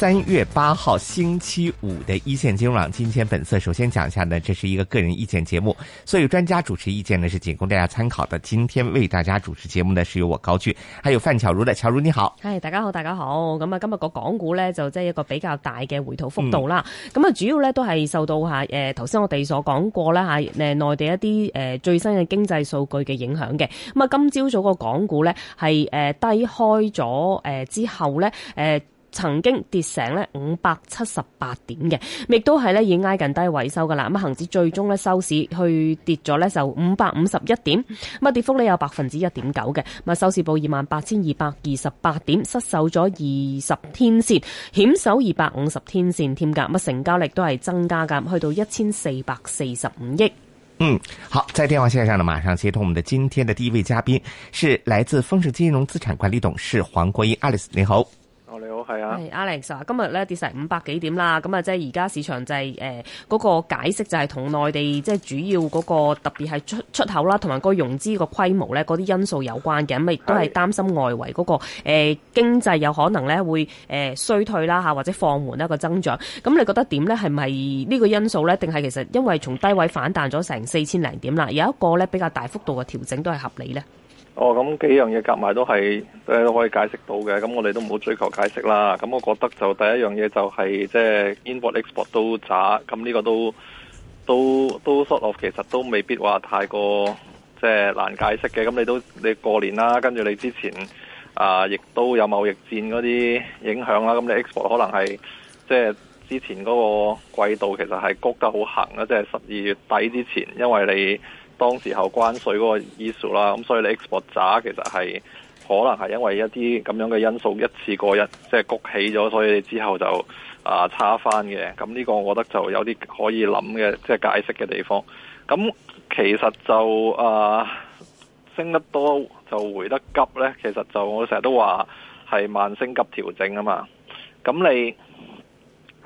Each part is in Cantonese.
三月八號星期五的一綫金融網金錢本色，首先講一下呢，這是一個個人意見節目，所以專家主持意見呢是僅供大家參考的。今天為大家主持節目呢，是由我高俊，還有范巧如的巧如，你好，嗨，大家好，大家好。咁啊，今日個港股呢，就即係一個比較大嘅回吐幅度啦。咁啊，主要呢，都係受到吓，誒，頭先我哋所講過啦吓，誒內地一啲誒最新嘅經濟數據嘅影響嘅。咁啊，今朝早個港股呢，係誒低開咗誒之後呢。誒。曾經跌成咧五百七十八點嘅，亦都係咧已經挨近低維修噶啦。咁啊，恒指最終咧收市去跌咗呢，就五百五十一點，咁啊跌幅呢，有百分之一點九嘅。咁啊，收市報二萬八千二百二十八點，失守咗二十天線，險守二百五十天線添格。咁啊，成交力都係增加噶，去到一千四百四十五億。嗯，好，在電話線上呢，馬上接通我們的今天的第一位嘉賓，是來自豐盛金融資產管理董事黃國英，Alice，你好。你好，係啊，阿玲，Alex，今日咧跌成五百幾點啦，咁啊，即係而家市場就係誒嗰個解釋就係同內地即係主要嗰個特別係出出口啦，同埋個融資個規模咧嗰啲因素有關嘅，咁亦都係擔心外圍嗰、嗰個誒、呃、經濟有可能咧會誒、呃、衰退啦嚇，或者放緩一、個增長，咁你覺得點咧？係咪呢個因素咧，定係其實因為從低位反彈咗成四千零點啦，有一個咧比較大幅度嘅調整都係合理咧？哦，咁幾樣嘢夾埋都係都可以解釋到嘅，咁我哋都唔好追求解釋啦。咁我覺得就第一樣嘢就係、是、即係、就是、i n b o u t d export 都渣，咁呢個都都都 sort of，其實都未必話太過即係、就是、難解釋嘅。咁你都你過年啦，跟住你之前啊，亦都有貿易戰嗰啲影響啦。咁你 export 可能係即係之前嗰個季度其實係谷得好行啊，即係十二月底之前，因為你。當時候關稅嗰個 issue 啦，咁所以你 export 渣其實係可能係因為一啲咁樣嘅因素一次過一即係谷起咗，所以之後就啊差翻嘅。咁呢個我覺得就有啲可以諗嘅，即係解釋嘅地方。咁其實就啊升得多就回得急呢。其實就我成日都話係慢升急調整啊嘛。咁你。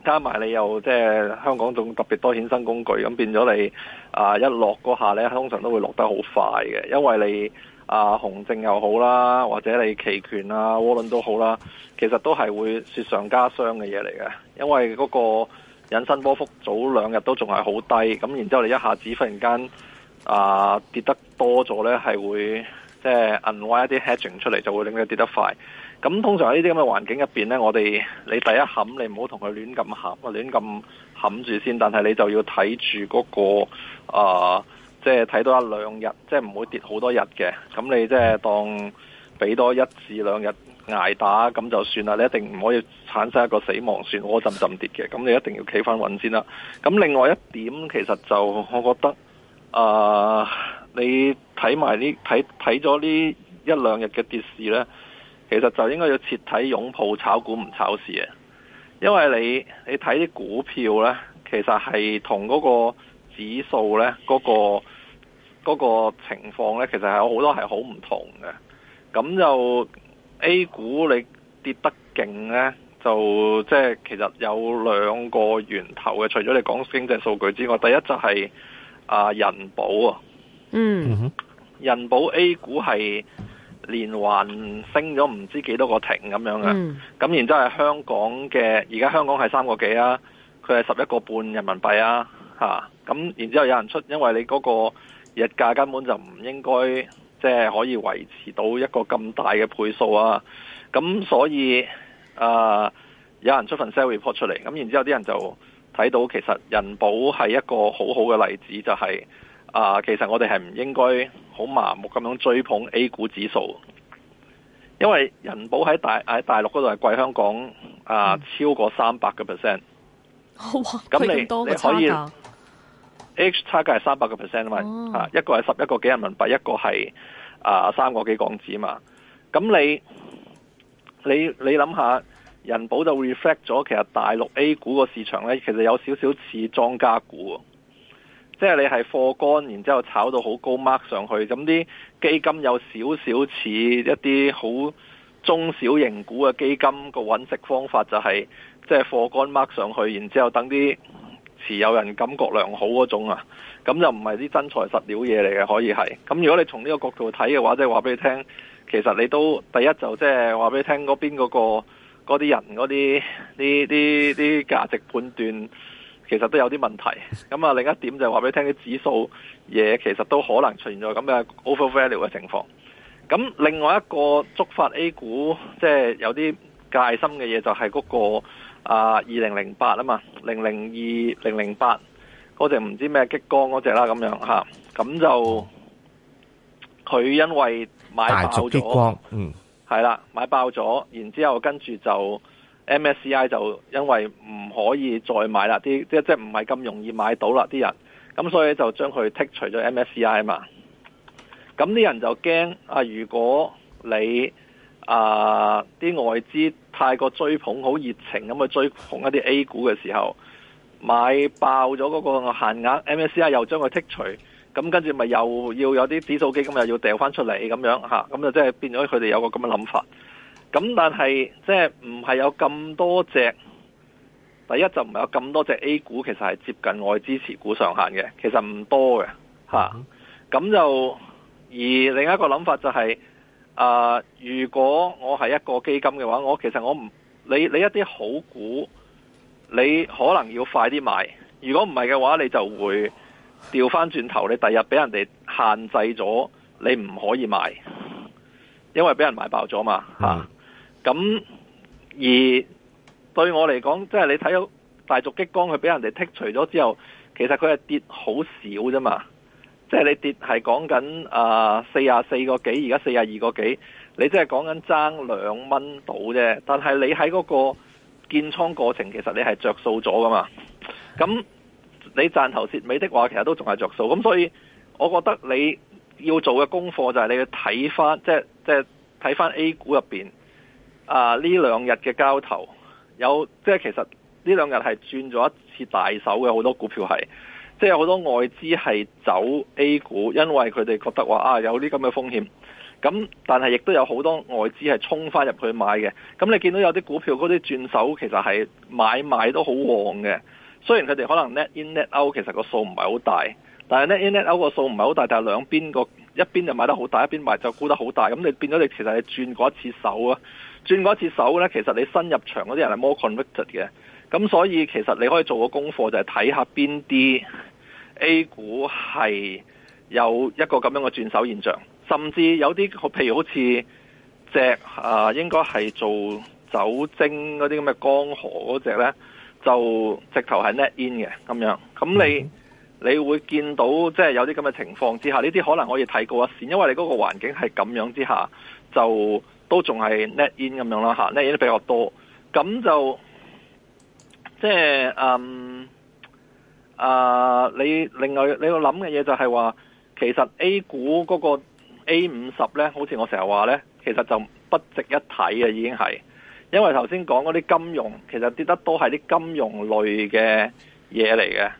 加埋你又即係香港仲特別多衍生工具，咁變咗你啊一落嗰下咧，通常都會落得好快嘅，因為你啊熊證又好啦，或者你期權啊、窩輪都好啦，其實都係會雪上加霜嘅嘢嚟嘅，因為嗰個引伸波幅早兩日都仲係好低，咁然之後你一下子忽然間啊跌得多咗咧，係會即係 unwind 一啲 hedging 出嚟，就會令佢跌得快。咁通常喺呢啲咁嘅環境入面呢，我哋你第一冚你唔好同佢亂咁冚，亂咁冚住先。但係你就要睇住嗰個啊，即係睇多一兩日，即係唔會跌好多日嘅。咁你即係當俾多一至兩日挨打咁就算啦。你一定唔可以產生一個死亡線，我浸浸跌嘅。咁你一定要企翻穩先啦。咁另外一點，其實就我覺得啊，你睇埋呢睇睇咗呢一兩日嘅跌市呢。其實就應該要徹底擁抱炒股唔炒市啊！因為你你睇啲股票呢，其實係同嗰個指數呢，嗰個嗰個情況呢，其實係好多係好唔同嘅。咁就 A 股你跌得勁呢，就即係其實有兩個源頭嘅。除咗你講經濟數據之外，第一就係啊人保啊，嗯，人保 A 股係。連環升咗唔知幾多個停咁樣嘅，咁、嗯、然之後係香港嘅，而家香港係三個幾啊，佢係十一個半人民幣啊，嚇、啊，咁然之後有人出，因為你嗰個日價根本就唔應該，即、就、係、是、可以維持到一個咁大嘅倍數啊，咁、啊、所以啊、呃，有人出份 sell report 出嚟，咁然之後啲人就睇到其實人保係一個好好嘅例子，就係、是。啊，其實我哋係唔應該好盲目咁樣追捧 A 股指數，因為人保喺大喺大陸嗰度係貴香港啊、嗯、超過三百哇你個 percent，咁你你可以 H 差價係三百個 percent 啊嘛，啊一個係十一個幾人民幣，一個係啊三個幾港紙嘛，咁你你你諗下人保就 reflect 咗其實大陸 A 股個市場咧，其實有少少似莊家股。即係你係貨乾，然之後炒到好高 mark 上去，咁啲基金有少少似一啲好中小型股嘅基金個揾食方法、就係，就係即係貨乾 mark 上去，然之後等啲持有人感覺良好嗰種啊，咁就唔係啲真材實料嘢嚟嘅，可以係。咁如果你從呢個角度睇嘅話，即係話俾你聽，其實你都第一就即係話俾你聽嗰邊嗰、嗰個嗰啲人嗰啲啲啲啲價值判斷。其實都有啲問題，咁啊，另一點就係話俾你聽啲指數嘢，其實都可能出現咗咁嘅 overvalue 嘅情況。咁另外一個觸發 A 股，即係有啲戒心嘅嘢，那個，就係嗰個啊二零零八啊嘛，零零二零零八嗰隻唔知咩激光嗰隻啦，咁樣吓，咁就佢因為買爆咗，嗯，係啦，買爆咗，然之後跟住就。MSCI 就因為唔可以再買啦，啲即即唔係咁容易買到啦，啲人咁所以就將佢剔除咗 MSCI 嘛。咁啲人就驚啊！如果你啊啲外資太過追捧，好熱情咁去追捧一啲 A 股嘅時候，買爆咗嗰個限額 MSCI 又將佢剔除，咁跟住咪又要有啲指數基金又要掉翻出嚟咁樣吓，咁就即係變咗佢哋有個咁嘅諗法。咁但係即係唔係有咁多隻，第一就唔係有咁多隻 A 股，其實係接近外資持股上限嘅，其實唔多嘅吓。咁、mm hmm. 啊、就而另一個諗法就係、是呃，如果我係一個基金嘅話，我其實我唔你你一啲好股，你可能要快啲買，如果唔係嘅話，你就會調翻轉頭，你第日俾人哋限制咗，你唔可以買，因為俾人買爆咗嘛吓。啊 mm hmm. 咁而對我嚟講，即係你睇到大族激光佢俾人哋剔除咗之後，其實佢係跌好少啫嘛。即係你跌係講緊啊四廿四個幾，而家四廿二個幾，你即係講緊爭兩蚊到啫。但係你喺嗰個建倉過程，其實你係著數咗噶嘛。咁你賺頭蝕尾的話，其實都仲係著數。咁所以我覺得你要做嘅功課就係你要睇翻，即係即係睇翻 A 股入面。啊！呢兩日嘅交投有即係其實呢兩日係轉咗一次大手嘅好多股票係，即係有好多外資係走 A 股，因為佢哋覺得話啊有啲咁嘅風險。咁但係亦都有好多外資係沖翻入去買嘅。咁你見到有啲股票嗰啲轉手其實係買賣都好旺嘅。雖然佢哋可能 net in net out 其實個數唔係好大，但係 net in net out 個數唔係好大，但係兩邊個一邊就買得好大，一邊賣就沽得好大。咁你變咗你其實係轉過一次手啊！轉過一次手呢，其實你新入場嗰啲人係 more convicted 嘅，咁所以其實你可以做個功課，就係睇下邊啲 A 股係有一個咁樣嘅轉手現象，甚至有啲，譬如好似隻啊，應該係做酒精嗰啲咁嘅江河嗰隻呢，就直頭係 net in 嘅咁樣，咁你你會見到即係、就是、有啲咁嘅情況之下，呢啲可能可以睇過一線，因為你嗰個環境係咁樣之下就。都仲係 net in 咁樣啦吓，net in 都比較多，咁就即係嗯啊，你另外你要諗嘅嘢就係話，其實 A 股嗰個 A 五十咧，好似我成日話咧，其實就不值一睇嘅已經係，因為頭先講嗰啲金融，其實跌得多係啲金融類嘅嘢嚟嘅，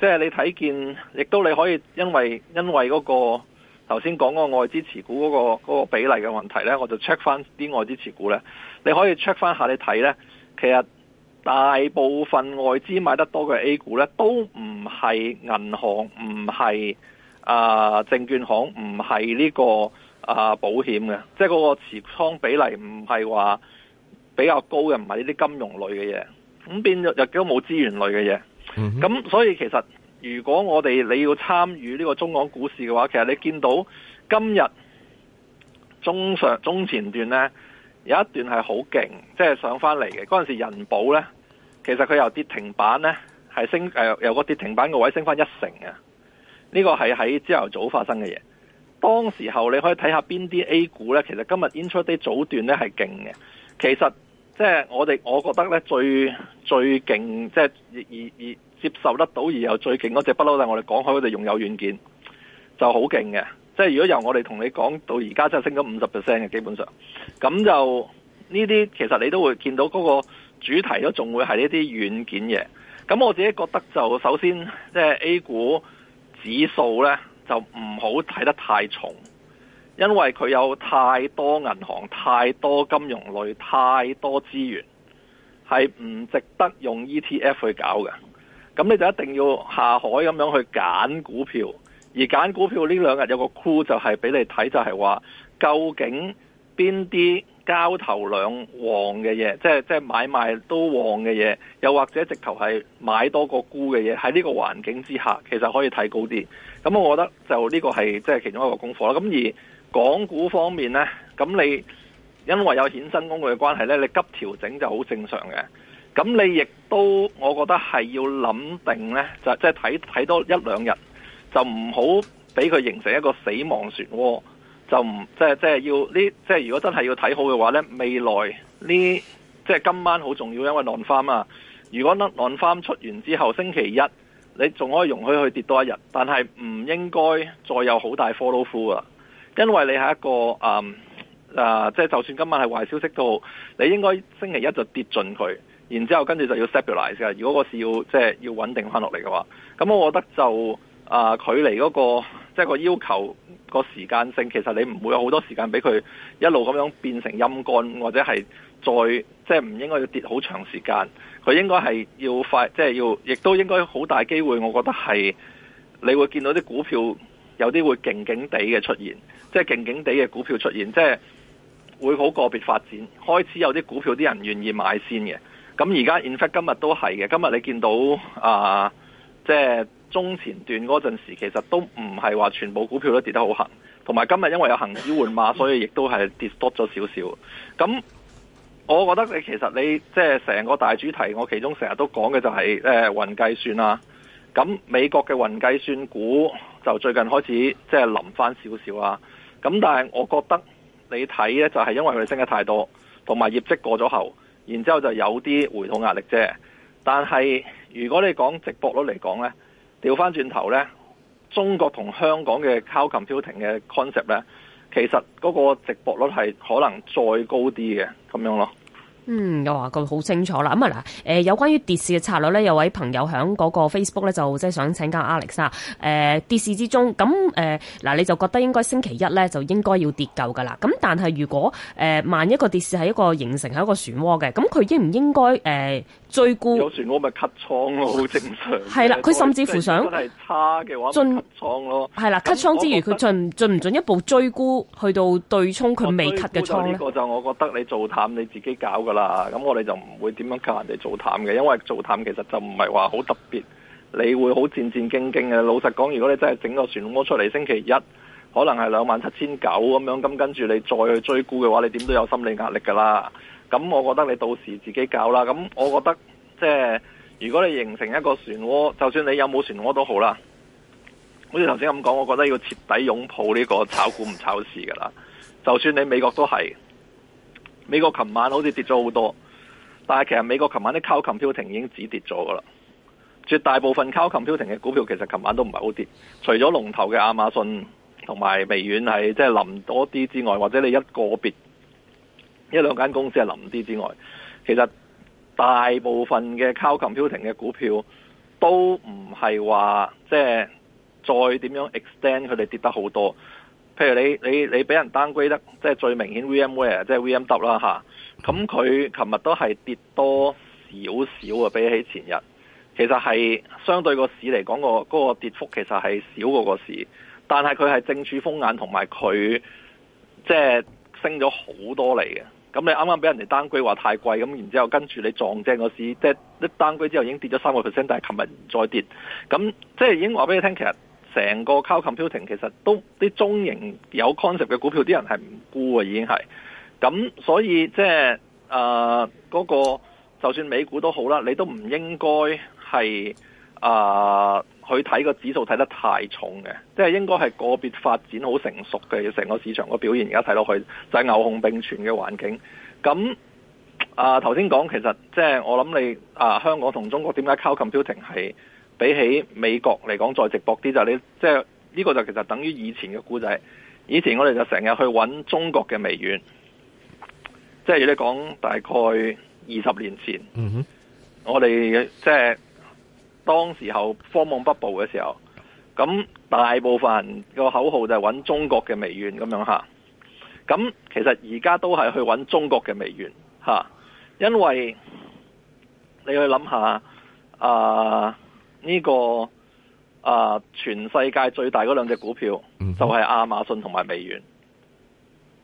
即係你睇見亦都你可以因為因為嗰個。頭先講個外資持股嗰個比例嘅問題呢，我就 check 翻啲外資持股呢，你可以 check 翻下你睇呢，其實大部分外資買得多嘅 A 股呢，都唔係銀行，唔係啊證券行，唔係呢個啊、呃、保險嘅，即係嗰個持倉比例唔係話比較高嘅，唔係呢啲金融類嘅嘢，咁變咗又幾多冇資源類嘅嘢。咁所以其實。如果我哋你要參與呢個中港股市嘅話，其實你見到今日中上中前段呢，有一段係好勁，即係上返嚟嘅。嗰陣時人保呢，其實佢由跌停板呢，係升，誒由個跌停板個位升翻一成嘅。呢個係喺朝頭早發生嘅嘢。當時候你可以睇下邊啲 A 股呢，其實今日 intraday 啲早段呢係勁嘅。其實即係我哋我覺得呢最最勁，即係接受得到，而又最勁嗰隻不嬲。就係我哋講開嗰隻用友軟件就好勁嘅。即係如果由我哋同你講到而家，真係升咗五十 percent 嘅基本上咁就呢啲其實你都會見到嗰個主題都仲會係呢啲軟件嘢。咁我自己覺得就首先即係 A 股指數咧，就唔好睇得太重，因為佢有太多銀行、太多金融類太多資源，係唔值得用 ETF 去搞嘅。咁你就一定要下海咁樣去揀股票，而揀股票呢兩日有個 clue 就係俾你睇，就係話究竟邊啲交投量旺嘅嘢，即係即係買賣都旺嘅嘢，又或者直頭係買多個沽嘅嘢，喺呢個環境之下，其實可以睇高啲。咁我覺得就呢個係即係其中一個功課啦。咁而港股方面呢，咁你因為有衍生工具嘅關係呢，你急調整就好正常嘅。咁你亦都，我覺得係要諗定呢，就即係睇睇多一兩日，就唔好俾佢形成一個死亡漩渦，就唔即係即係要呢。即係如果真係要睇好嘅話呢，未來呢即係今晚好重要，因為 non-farm 嘛。如果得 non-farm 出完之後，星期一你仲可以容許佢跌多一日，但係唔應該再有好大 follow through 啊，因為你係一個誒即係就算今晚係壞消息都好，你應該星期一就跌盡佢。然之後跟住就要 stabilize 嘅，如果個事要即係要穩定翻落嚟嘅話，咁我覺得就啊、呃、距離嗰個即係個要求個時間性，其實你唔會有好多時間俾佢一路咁樣變成陰乾，或者係再即係唔應該要跌好長時間。佢應該係要快，即係要，亦都應該好大機會。我覺得係你會見到啲股票有啲會勁勁地嘅出現，即係勁勁地嘅股票出現，即係會好個別發展。開始有啲股票啲人願意買先嘅。咁而家 in fact 今日都係嘅，今日你見到啊，即、呃、係、就是、中前段嗰陣時，其實都唔係話全部股票都跌得好行，同埋今日因為有恆指換馬，所以亦都係跌多咗少少。咁、嗯嗯、我覺得你其實你即係成個大主題，我其中成日都講嘅就係、是、誒、呃、雲計算啦、啊。咁美國嘅雲計算股就最近開始即係冧翻少少啦。咁但係我覺得你睇咧就係因為佢升得太多，同埋業績過咗後。然之後就有啲回吐壓力啫，但係如果你講直播率嚟講咧，調翻轉頭咧，中國同香港嘅 cloud computing 嘅 concept 咧，其實嗰個直播率係可能再高啲嘅，咁樣咯。嗯，我話佢好清楚啦。咁啊嗱，誒、嗯、有關於跌市嘅策略咧，有位朋友喺嗰個 Facebook 咧，就即係想請教 Alex 啊。誒，跌市之中，咁誒嗱，你就覺得應該星期一咧就應該要跌夠噶啦。咁、嗯、但係如果誒萬、嗯、一個跌市係一個形成係一個漩渦嘅，咁、嗯、佢應唔應該誒？嗯追沽有船模咪 cut 倉咯，好正常。係啦，佢甚至乎想 cut 倉准咯。係啦的，cut 倉那之餘，佢進進唔進一步追沽，去到對沖佢未 cut 嘅倉咧。呢個就我覺得你做淡你自己搞噶啦。咁我哋就唔會點樣教人哋做淡嘅，因為做淡其實就唔係話好特別，你會好戰戰兢兢嘅。老實講，如果你真係整個船模出嚟，星期一可能係兩萬七千九咁樣，咁跟住你再去追沽嘅話，你點都有心理壓力噶啦。咁我覺得你到時自己教啦。咁我覺得即係、就是、如果你形成一個旋渦，就算你有冇旋渦都好啦。好似頭先咁講，我覺得要徹底擁抱呢個炒股唔炒市噶啦。就算你美國都係，美國琴晚好似跌咗好多，但係其實美國琴晚啲 cloud computing 已經止跌咗噶啦。絕大部分 cloud computing 嘅股票其實琴晚都唔係好跌，除咗龍頭嘅亞馬遜同埋微軟係即係臨多啲之外，或者你一個別。一兩間公司係臨啲之外，其實大部分嘅 cloud computing 嘅股票都唔係話即係再點樣 extend 佢哋跌得好多。譬如你你你俾人 downgrade 得，即係最明顯 VMware，即係 VMW 啦吓，咁佢琴日都係跌多少少啊，比起前日，其實係相對個市嚟講個嗰個跌幅其實係少過個個市，但係佢係正處風眼，同埋佢即係升咗好多嚟嘅。咁你啱啱俾人哋單據話太貴，咁然之後跟住你撞正個市，即係一單據之後已經跌咗三個 percent，但係琴日唔再跌，咁即係已經話俾你聽，其實成個 cloud computing 其實都啲中型有 concept 嘅股票，啲人係唔沽啊，已經係，咁所以即係啊嗰個，就算美股都好啦，你都唔應該係啊。呃佢睇個指數睇得太重嘅，即係應該係個別發展好成熟嘅。成個市場個表現而家睇落去，就係、是、牛熊並存嘅環境。咁啊，頭先講其實即係我諗你啊，香港同中國點解 cloud computing 係比起美國嚟講再值博啲就係、是、你即係呢、這個就其實等於以前嘅故仔。以前我哋就成日去揾中國嘅微軟，即係你講大概二十年前，嗯哼，我哋即係。當時候科網不暴嘅時候，咁大部分人個口號就係揾中國嘅微軟咁樣吓。咁其實而家都係去揾中國嘅微軟吓，因為你去諗下啊呢、這個啊全世界最大兩隻股票就係亞馬遜同埋微軟，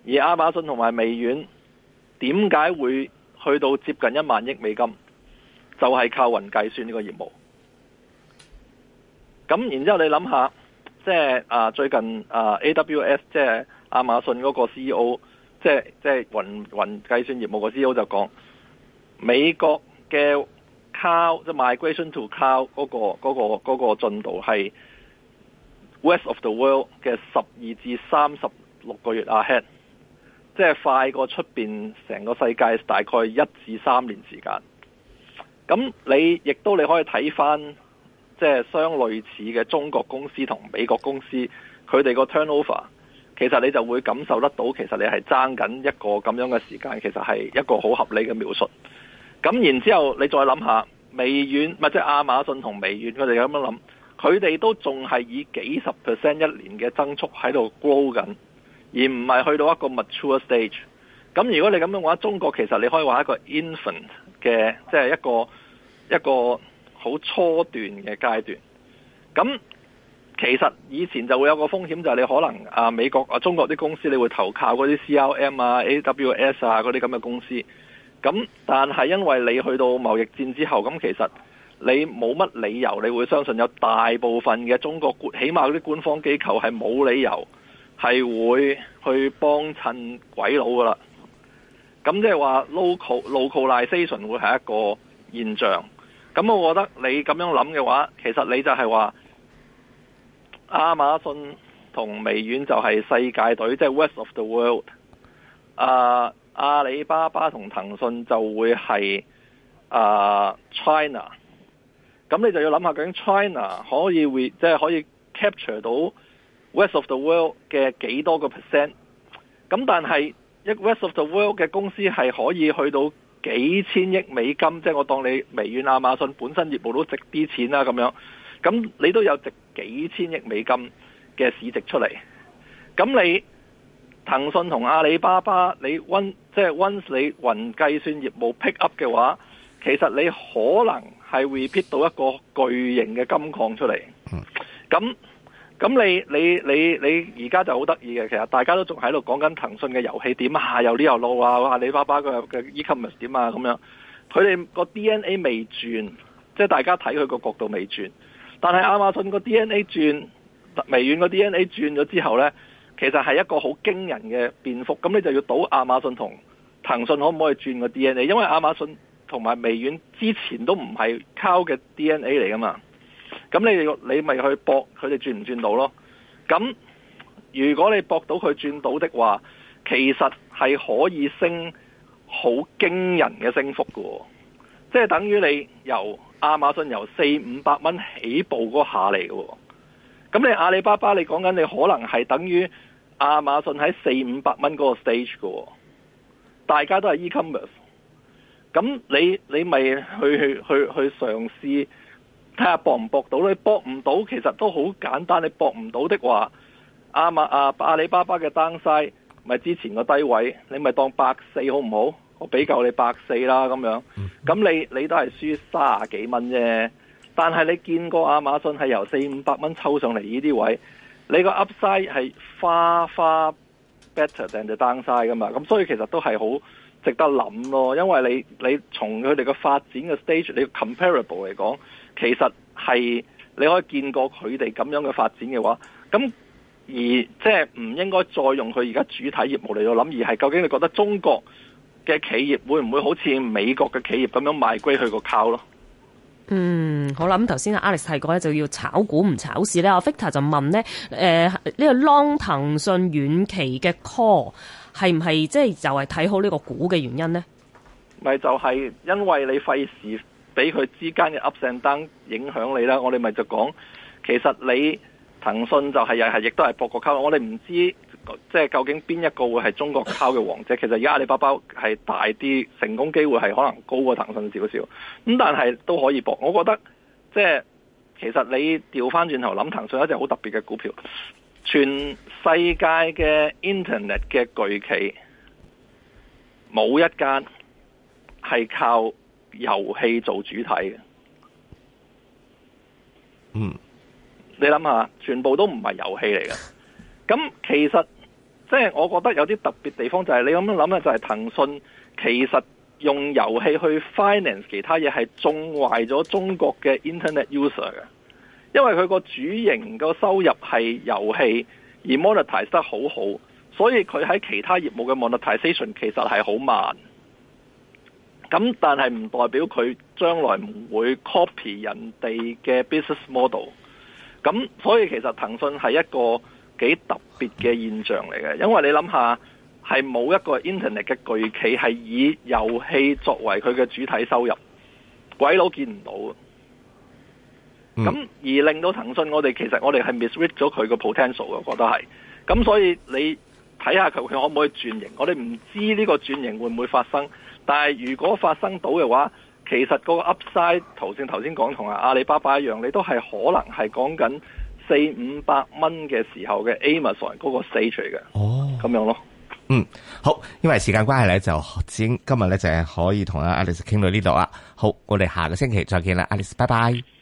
而亞馬遜同埋微軟點解會去到接近一萬億美金？就係、是、靠雲計算呢個業務。咁然之後，你諗下，即係啊，最近啊，AWS 即係亞馬遜嗰個 CEO，即係即係雲雲計算業務個 CEO 就講，美國嘅 cloud 即係 migration to cloud 嗰個嗰個嗰個進度係 West of the world 嘅十二至三十六個月 ahead，即係快過出面成個世界大概一至三年時間。咁你亦都你可以睇翻。即係相類似嘅中國公司同美國公司，佢哋個 turnover 其實你就會感受得到，其實你係爭緊一個咁樣嘅時間，其實係一個好合理嘅描述。咁然之後你再諗下，微軟咪即係亞馬遜同微軟，佢哋咁樣諗，佢哋都仲係以幾十 percent 一年嘅增速喺度 grow 緊，而唔係去到一個 mature stage。咁如果你咁樣話，中國其實你可以話一個 infant 嘅，即係一個一個，一個好初段嘅階段，咁其實以前就會有個風險，就係你可能啊美國啊中國啲公司，你會投靠嗰啲 CLM 啊 AWS 啊嗰啲咁嘅公司，咁但係因為你去到貿易戰之後，咁其實你冇乜理由，你會相信有大部分嘅中國官，起碼嗰啲官方機構係冇理由係會去幫襯鬼佬㗎喇，咁即係話 local localization 會係一個現象。咁我覺得你咁樣諗嘅話，其實你就係話亞馬遜同微軟就係世界隊，即係 West of the world。啊，阿里巴巴同騰訊就會係啊 China。咁你就要諗下，究竟 China 可以會即係可以 capture 到 West of the world 嘅幾多個 percent？咁但係一 West of the world 嘅公司係可以去到。幾千億美金，即係我當你微軟、亞馬遜本身業務都值啲錢啦，咁樣，咁你都有值幾千億美金嘅市值出嚟，咁你騰訊同阿里巴巴，你温即係温你雲計算業務 pick up 嘅話，其實你可能係會 pick 到一個巨型嘅金礦出嚟，咁。咁你你你你而家就好得意嘅，其實大家都仲喺度講緊騰訊嘅遊戲點呀、啊？又呢又路啊，阿里巴巴嘅嘅 E-commerce 點啊咁樣，佢哋個 DNA 未轉，即係大家睇佢個角度未轉。但係亞馬遜個 DNA 轉，微軟個 DNA 轉咗之後呢，其實係一個好驚人嘅變幅。咁你就要賭亞馬遜同騰訊可唔可以轉個 DNA，因為亞馬遜同埋微軟之前都唔係靠嘅 DNA 嚟㗎嘛。咁你你咪去搏佢哋轉唔轉到咯？咁如果你搏到佢轉到的話，其實係可以升好驚人嘅升幅㗎喎。即係等於你由亞馬遜由四五百蚊起步嗰下嚟喎。咁你阿里巴巴，你講緊你可能係等於亞馬遜喺四五百蚊嗰個 stage 㗎喎。大家都係 e-commerce。咁你你咪去去去，去嘗試。睇下搏唔搏到，你搏唔到，其實都好簡單。你搏唔到的話，阿阿里巴巴嘅 downside 咪之前個低位，你咪當百四好唔好？我俾夠你百四啦，咁樣。咁你你都係輸卅幾蚊啫。但係你見過亞馬遜係由四五百蚊抽上嚟呢啲位，你個 upside 係花花 better 定就 downside 噶嘛？咁所以其實都係好值得諗咯，因為你你從佢哋個發展嘅 stage，你 comparable 嚟講。其實係你可以見過佢哋咁樣嘅發展嘅話，咁而即係唔應該再用佢而家主體業務嚟到諗，而係究竟你覺得中國嘅企業會唔會好似美國嘅企業咁樣賣歸佢個 call 咯？嗯，好啦，咁頭先阿 Alex 提過咧就要炒股唔炒市咧，阿 Victor 就問咧，誒、呃、呢、這個 Long 騰訊遠期嘅 call 係唔係即係就係睇好呢個股嘅原因呢？咪就係因為你費事。俾佢之間嘅 upsend 單影響你啦，我哋咪就講，其實你騰訊就係又亦都係搏個溝，alf，我哋唔知即係、就是、究竟邊一個會係中國溝嘅王者，其實而家阿里巴巴係大啲，成功機會係可能高過騰訊少少，咁但係都可以搏。我覺得即係、就是、其實你調翻轉頭諗騰訊一隻好特別嘅股票，全世界嘅 internet 嘅巨企冇一間係靠。遊戲做主體嘅，嗯，你諗下，全部都唔係遊戲嚟嘅。咁其實，即係我覺得有啲特別地方就係、是、你咁樣諗咧，就係騰訊其實用遊戲去 finance 其他嘢係縱壞咗中國嘅 internet user 嘅，因為佢個主營個收入係遊戲，而 monetize 得好好，所以佢喺其他業務嘅 monetization 其實係好慢。.咁但係唔代表佢將來唔會 copy 人哋嘅 business model。咁所以其實騰訊係一個幾特別嘅現象嚟嘅，因為你諗下係冇一個 internet 嘅巨企係以遊戲作為佢嘅主體收入，鬼佬見唔到。咁、嗯、而令到騰訊我哋其實我哋係 misread 咗佢個 potential 啊，我覺得係。咁所以你。睇下佢佢可唔可以轉型？我哋唔知呢個轉型會唔會發生，但係如果發生到嘅話，其實嗰個 Upside 頭先頭先講同阿阿里巴巴一樣，你都係可能係講緊四五百蚊嘅時候嘅 Amazon 嗰個四嚟嘅哦咁樣咯。嗯，好，因為時間關係咧，就先今日咧就可以同阿 Alice 傾到呢度啦。好，我哋下個星期再見啦 Alice，拜拜。